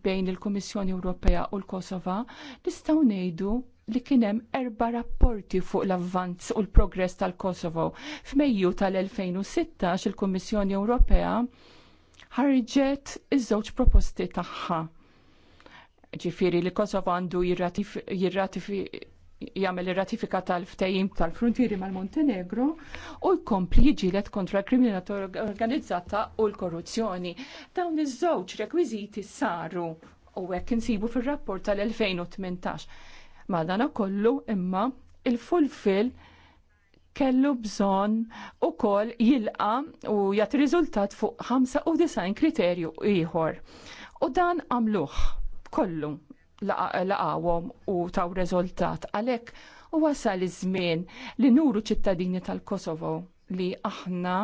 B: bejn il-Komissjoni Ewropea u l-Kosova nistgħu ngħidu li kien hemm erba rapporti fuq l-avvanz u l-progress tal-Kosovo. F'Mejju tal-2016 il-Kummissjoni Ewropea ħarġet iż-żewġ proposti tagħha. Ġifieri li Kosovo għandu jirratifi jagħmel ir-ratifika tal-ftehim tal-frontieri mal-Montenegro u jkompli jiġilet kontra l-kriminalità organizzata u l-korruzzjoni. Dawn iż-żewġ rekwiżiti saru u hekk insibu fir-rapport tal-2018 Ma dana kollu imma il-fulfil kellu bżon u kol jilqa u jat riżultat fuq 95 kriterju ieħor. U dan għamluħ kollu laqawom u taw riżultat għalhekk u wasal iż-żmien li nuru ċittadini tal-Kosovo li aħna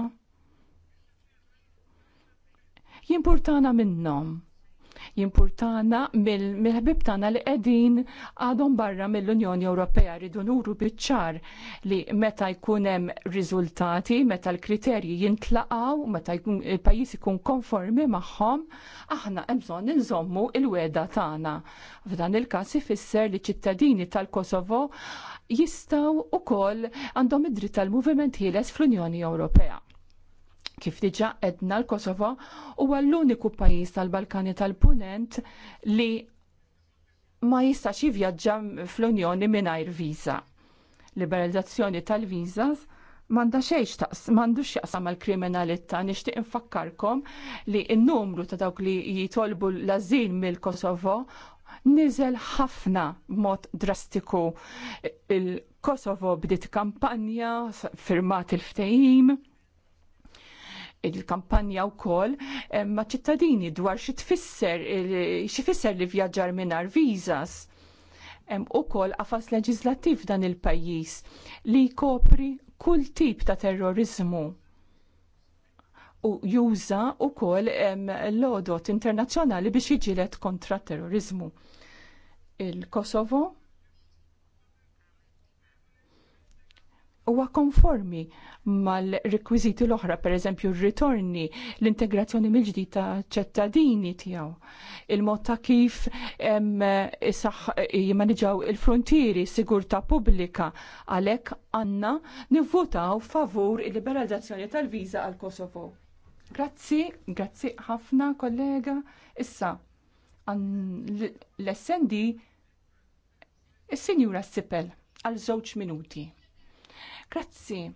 B: jimpurtana minnhom jimpurtana mill-ħbib tagħna li qegħdin għadhom barra mill-Unjoni Ewropea rridu nuru biċ-ċar li meta jkun hemm riżultati, meta l-kriterji jintlaqgħu, meta il-pajjiż ikun konformi magħhom, aħna hemm bżonn inżommu l-weda tagħna. F'dan il-każ ifisser li ċittadini tal-Kosovo jistaw ukoll għandhom id-dritt tal-moviment ħieles fl-Unjoni Ewropea. Kif diġa edna l-Kosovo huwa l-uniku pajjiż tal-Balkani tal-Punent li ma jistax jivvjaġġa fl-Unjoni mingħajr viża. Liberalizzazzjoni tal-viżas manda xejx taqs, mandux jaqsam mal kriminalità nixtieq infakkarkom li n-numru ta' dawk li jitolbu l-azil mill-Kosovo niżel ħafna mod drastiku. Il-Kosovo bdiet kampanja, firmat il-ftehim, il-kampanja wkoll eh, ma' ċittadini dwar xi tfisser eh, xi fisser li vjaġġar mingħajr vizas hemm ukoll għafas leġislattiv dan il-pajjiż li jkopri kull tip ta' terrorizmu u juża wkoll l-odot internazzjonali biex jiġilet kontra terrorizmu. Il-Kosovo huwa konformi mal-rekwiżiti l-oħra, pereżempju r-ritorni, l-integrazzjoni mill-ġdid ta' ċettadini tiegħu, il-mod ta' kif jimmaniġaw il-frontieri, sigurtà pubblika, għalhekk għandna nivvutaw favur il-liberalizzazzjoni tal-viża għal Kosovo. Grazzi, grazzi ħafna kollega. Issa, l snd il-Sinjura Sipel, għal żewġ minuti. Grazzi.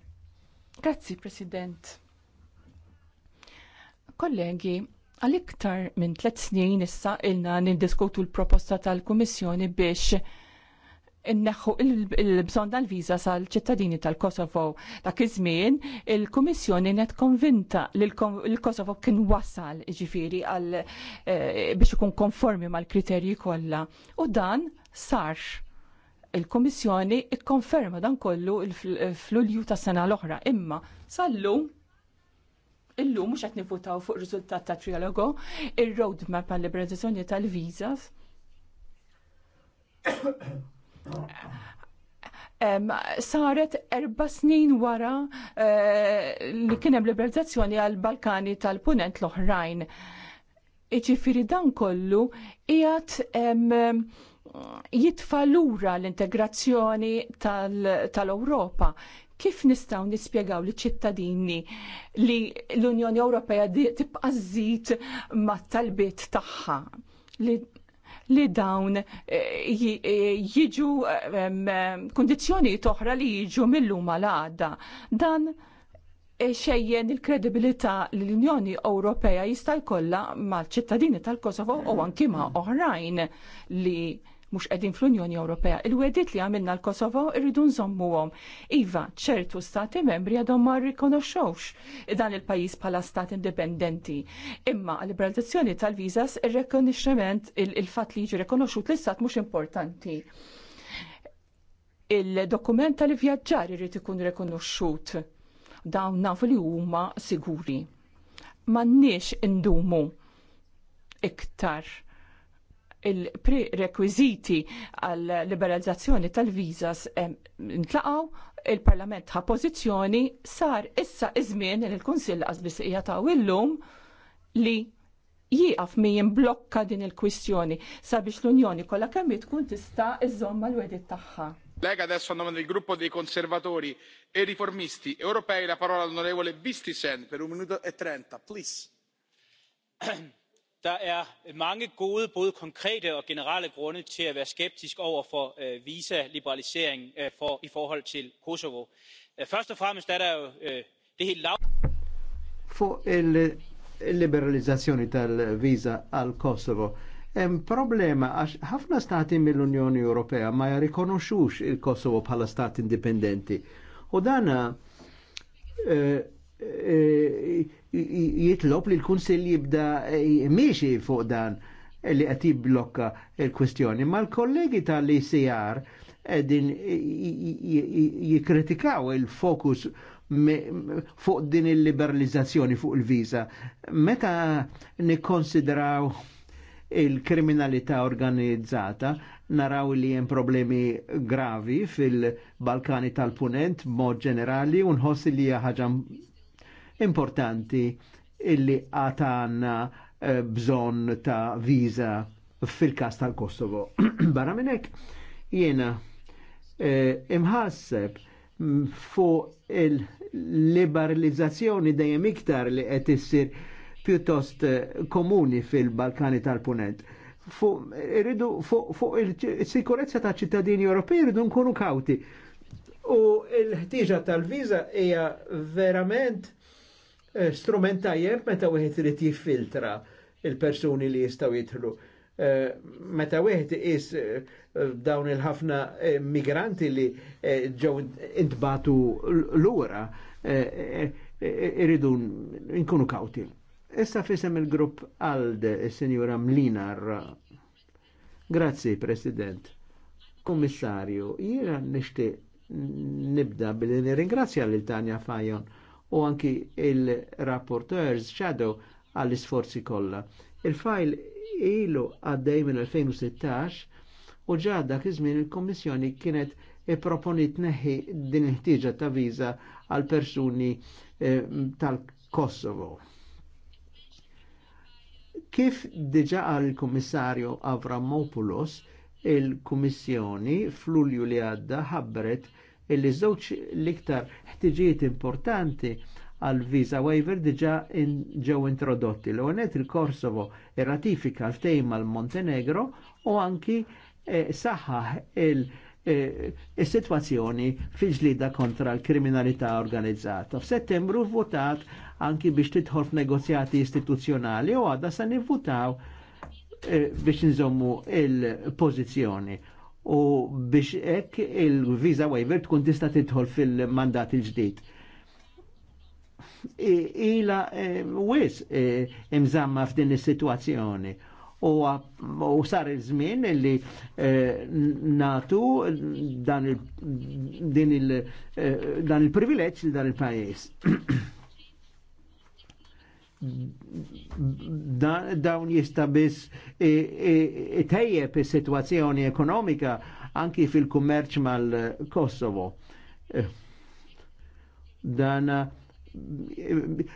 B: Grazzi, President. Kollegi, għal-iktar minn tliet snin issa ilna nindiskutu l-proposta tal-Kummissjoni biex inneħħu il-bżon tal-viza sal-ċittadini tal-Kosovo. ta' kizmin, żmien il-Kummissjoni net konvinta li l-Kosovo kien wasal ġifiri eh, biex ikun konformi mal-kriterji kollha. U dan sarx il-Komissjoni ikkonferma dan kollu fl-Ulju ta' sena l-oħra. Imma sallu, lum illum mhux qed fuq riżultat ta' trialogo, ir-roadmap għal liberalizzazzjoni tal vizas saret erba snin wara eh, li kien hemm liberalizzazzjoni għall Balkani tal-Punent l-oħrajn. Iġifiri dan kollu qiegħed jitfa' lura l-integrazzjoni tal-Ewropa. Kif nistgħu nispjegaw liċ ċittadini li l-Unjoni Ewropea tibqa' żid mat-talbiet tagħha li dawn eh, eh, jiġu ehm, ehm, kondizjoni toħra li jiġu mill l għada. Dan eh, xejjen il-kredibilità li l-Unjoni Ewropea jista' jkollha mal-ċittadini tal-Kosovo u anki ma' oħrajn li mhux qegħdin fl-Unjoni Ewropea. Il-wedit li għamilna l-Kosovo irridu nżommuhom. Iva, ċertu stati membri għadhom ma rrikonoxxewx dan il-pajjiż bħala stat indipendenti. Imma għal-liberalizzazzjoni tal-viżas ir-rekonixximent il-fatt li jiġi rekonoxxut l-istat mhux importanti. Il-dokument tal-vjaġġar irid ikun rekonoxxut. Dawn nafu li huma siguri. M'għandniex indumu iktar il-prerequisiti għal liberalizzazzjoni tal-vizas intlaqaw, il-Parlament ħa pożizzjoni sar issa iż-żmien li l-Kunsill qasbis hija ta' illum li jieqaf mi jimblokka din il-kwistjoni sabiex l-Unjoni kollha kemm tkun tista' iżomma l wedi tagħha.
A: Lega adesso a nome del gruppo dei conservatori e riformisti europei la parola all'onorevole Bistisen per un minuto e trenta, please. der er mange gode både konkrete og generelle grunde til at være skeptisk over for øh, visaliberalisering øh, i forhold til kosovo. Øh, først og fremmest er der jo det helt lav
C: fuq il-liberalizzazzjoni tal-viża għal Kosovo. Hemm problema għax ħafna stati mill-Unjoni Ewropea ma jarrikonoxux il-Kosovo bħala stat indipendenti. U dana eh, Eh, jitlob li l-Kunsill jibda eh, miexi fuq dan li għati blokka il kwestjoni Ma l-kollegi tal-ICR għedin jikritikaw il-fokus fuq din il-liberalizzazzjoni fuq il-viza. Meta nikkonsidraw il-kriminalità organizzata, naraw li jem problemi gravi fil-Balkani tal-Punent, mod ġenerali, unħossi li ħaġa importanti illi għatanna eh, bżon ta' viza fil-kas tal-Kosovo. Barra minnek, jena eh, imħasseb fuq il-liberalizzazzjoni dejjem iktar li qed issir pjuttost eh, komuni fil-Balkani tal-Punent. Fuq fu, fu il-sikurezza ta' ċittadini Ewropej irridu nkunu kawti. U il-ħtieġa tal-viża hija verament Eh, strument tajjeb meta wieħed irid jiffiltra il-persuni li jistgħu jidħlu. Eh, meta wieħed is eh, dawn il-ħafna migranti li ġew intbatu lura iridu nkunu kawti. Issa fisem il-grupp għald il-Senjura Mlinar. Grazzi, President. Kommissarju, jiena nishti nibda billi nirringrazzja lil Tanja Fajon u anki il-rapporteurs shadow għall-isforzi kollha. Il-fajl ilu għaddej minn 2016 u ġadda kizmin iż-żmien il komissjoni kienet proponi neħi din il-ħtieġa ta' viża għal persuni eh, tal-Kosovo. Kif diġa għal il Avramopoulos, il-Kummissjoni fl-Ulju li għadda ħabbret illi żewġ l-iktar ħtiġijiet importanti għal visa waiver diġa ġew introdotti. l għonet il-Kosovo ratifika ftejn mal-Montenegro u anki eh, saħħaħ il- eh, Is-sitwazzjoni e, fil-ġlida kontra l-kriminalità organizzata. F'Settembru votat anki biex tidħol f'negozjati istituzzjonali u għadda se nivvutaw eh, biex nżommu il-pożizzjoni u biex hekk il-visa waiver tkun tista' tidħol fil-mandat il-ġdid. Ila e, wis e, imżamma f'din is-sitwazzjoni u sar il żmien li e, natu dan il-privileġġ il, dan il-pajjiż. dawn jista biss e, e, e situazzjoni ekonomika anki fil-kummerċ mal-Kosovo. E, Dan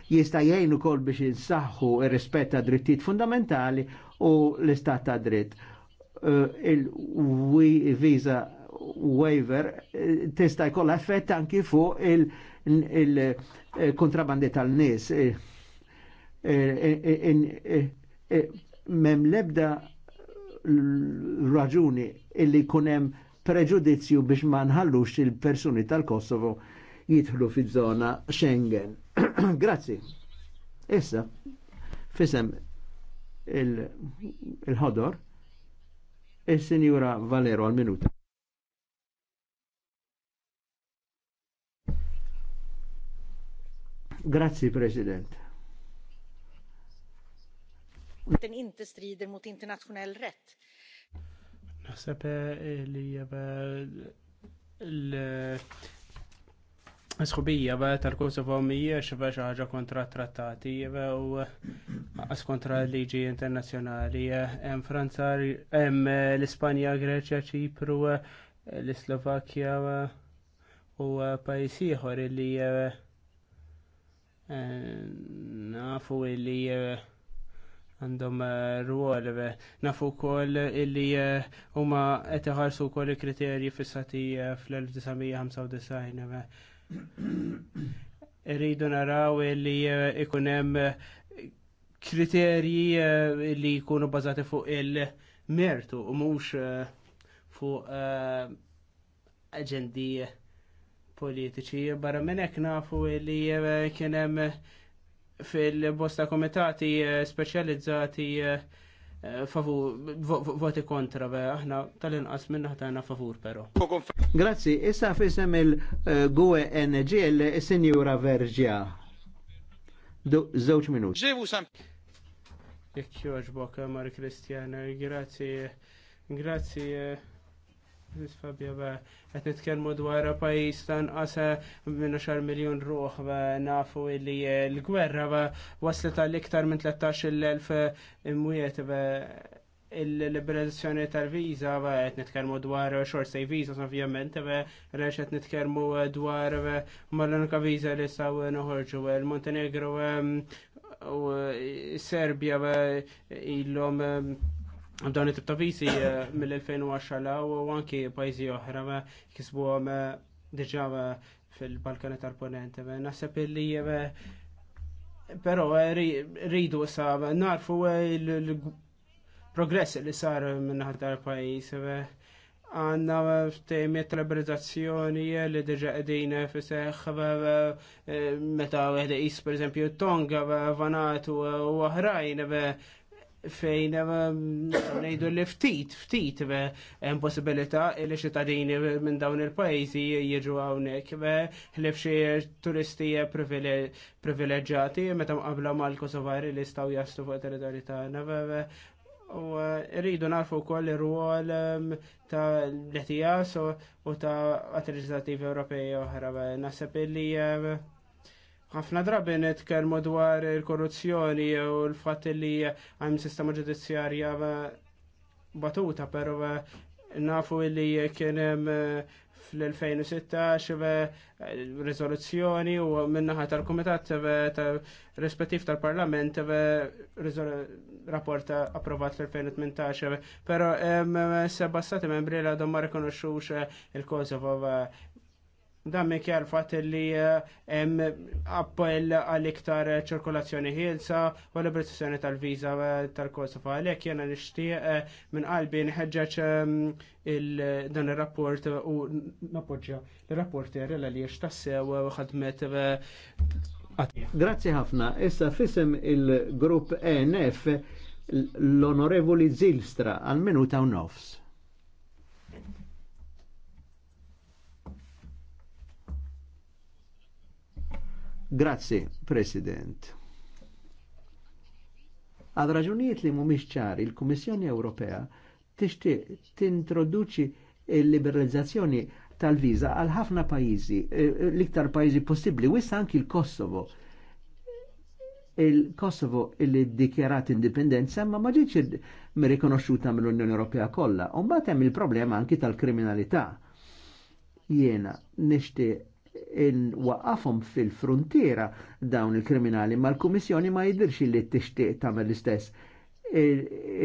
C: jista jgħin kol biex jinsaħħu ir-rispett drittijiet fundamentali u l-istat ta' dritt. E, Il-visa waiver tista' jkollha effett anki fuq il-kontrabandi il kontrabandi tal nies mem lebda raġuni illi kunem preġudizzju biex ma nħallux il-persuni tal-Kosovo jitħlu fi zona Schengen. Grazzi. Issa, fisem il-ħodor, il il-Sinjura Valero għal-minuta. Grazzi, President.
B: Den inte strider mot internationell rätt.
A: Naħseb eh, li l-sħubija tal-Kosovo mhijiex xi ħaġa kontra trattati u għas kontra liġi internazzjonali. Eh, hemm Franza, hemm eh, l-Ispanja, Greċja, Ċipru, l-Slovakkja u pajjiż ieħor li nafu li għandhom eh, ruol nafu wkoll illi eh, huma qed iħarsu wkoll il-kriterji fissati eh, fl-1995. Irridu naraw illi ikun hemm kriterji li jkunu bażati fuq il-mertu u mhux fuq aġendi politiċi barra minn hekk nafu illi kien hemm fil-bosta komitati eh, specializzati eh, eh, favu, voti kontra, be, aħna tal-inqas minna ħatana favur, pero.
C: Grazzi, issa fissem il-GUE NGL, Signora Verġia. Zewċ minuti.
A: Ġivu sam. Jek joġbok, Mari Kristjana, grazzi, grazzi. Fabjaba, għet nitkelmu dwar pajis tan qasa eh, minna xar miljon ruħ nafu illi eh, l-gwerra waslet għal iktar minn 13.000 eh, imwiet il-liberazzjoni tal-viza, għet nitkelmu dwar xor sej viza ovvjament, għet għet nitkelmu dwar mal-unika viza li saw noħorġu, il-Montenegro u Serbia il-lom dawn it ta' visi eh, mill-2010 law u anki pajzi oħra kisbu għam eh, diġa fil-Balkani tal-Ponente. Nasab li pero rridu sa narfu eh, il-progress li sar minnaħat tal-pajis. Għanna f'temiet liberizzazzjoni li diġa għedin fis-seħħ meta għedin is esempio Tonga, Vanatu u oħrajn fejn ngħidu li ftit, ftit hemm possibilità li ċittadini minn dawn il-pajjiżi jiġu hawnhekk ħlif xi turisti privileġġjati meta mqabla mal-Kosovari li staw jaslu fuq territorju tagħna. U rridu narfu wkoll ir-rwol ta' l-ETIAS u ta' attrizzativi Ewropej oħra. Naħseb li ħafna drabi nitkellmu dwar il-korruzzjoni u l fat li għajm sistema ġudizzjarja batuta, pero eh, nafu li kienem eh, fl-2016 eh, rizoluzzjoni u minnaħat tal-Komitat rispettiv tal-Parlament rapporta approvat fl-2018. Pero seba stati membri li għadhom ma rekonoxux il-Kosovo dan mek jarfat li eh, appell għal-iktar ċirkolazzjoni ħielsa u liberazzjoni tal-viza eh, tal-Kosovo. Għalek jena nixtieq eh, minn qalbi nħedġaċ ehm, dan il-rapport u napoġġa l-rapporter li għalli tassew u ħadmet Grazzi
C: ħafna. Issa fisem il-grupp ENF l-onorevoli Zilstra għal-minuta u nofs. Grazie, President. Għad raġunijiet li mumiex ċar, il-Kummissjoni Ewropea t-introduċi il-liberalizzazzjoni tal viza għal ħafna pajizi, eh, l-iktar pajjiżi possibbli, wissa anki il kosovo Il-Kosovo illi dikjarat indipendenza ma ma ġietx rikonoxxuta mill-Unjoni Ewropea kollha, Un mbagħad il-problema anki tal-kriminalità. Jena, nishti waqafhom fil-frontiera dawn il-kriminali, ma l-Kummissjoni ma jidirx li tixtieq tagħmel l-istess.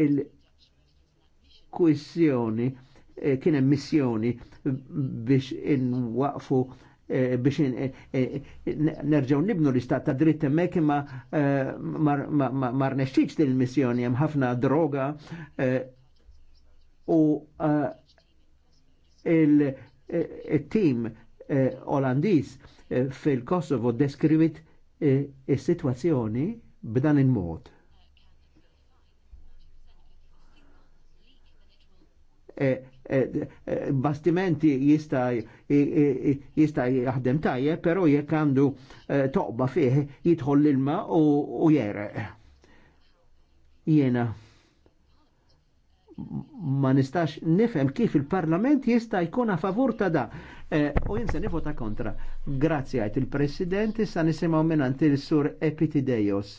C: Il-kwissjoni eh, kien hemm missjoni biex inwaqfu eh, biex eh, nerġaw nibnu l-istat ta' dritt emmek ma mar din il-missjoni hemm ħafna droga u il-tim eh, Olandiż eh, fil-Kosovo deskrivit il-situazzjoni eh, b'dan il-mod. Eh, eh, eh bastimenti jista eh, jista jaħdem tajje, pero jekk għandu toqba fih jidħol ilma u jere. Jena ma nistax nifhem kif il-Parlament jista' jkun a favur ta' da. Eh, u jien se nivota kontra. Grazzi għajt il-President, issa nisimgħu minant il-Sur Epitidejos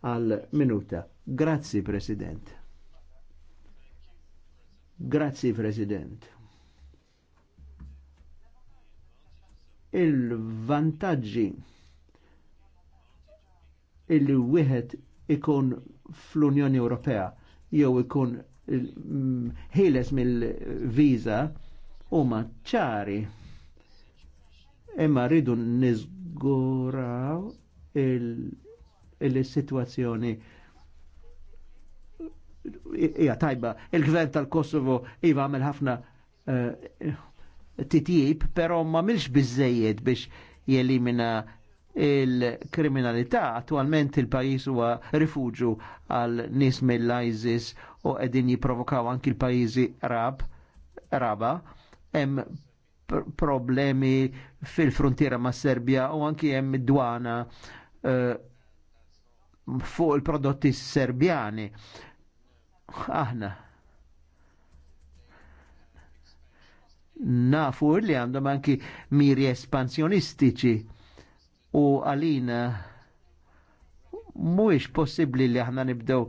C: għal minuta. Grazzi President. Grazzi President. Il-vantaġġi il wihet ikun fl-Unjoni Ewropea jew ikun ħiles mill-viza huma ċari. Imma rridu nizguraw il-situazzjoni Ija tajba. Il-gvern tal-Kosovo iva għamel ħafna eh, titjib, però ma milx biżejjed biex jelimina il-kriminalità. Attualment il-pajis huwa rifugju għal nis mill-ISIS u qegħdin jipprovokaw anki l-pajjiżi rab, raba, hemm problemi fil-frontiera ma' Serbia u anki hemm dwana uh, eh, fuq il-prodotti serbjani. Aħna. Nafu li għandhom anki miri espansjonistiċi u għalina mhuwiex possibli li aħna nibdew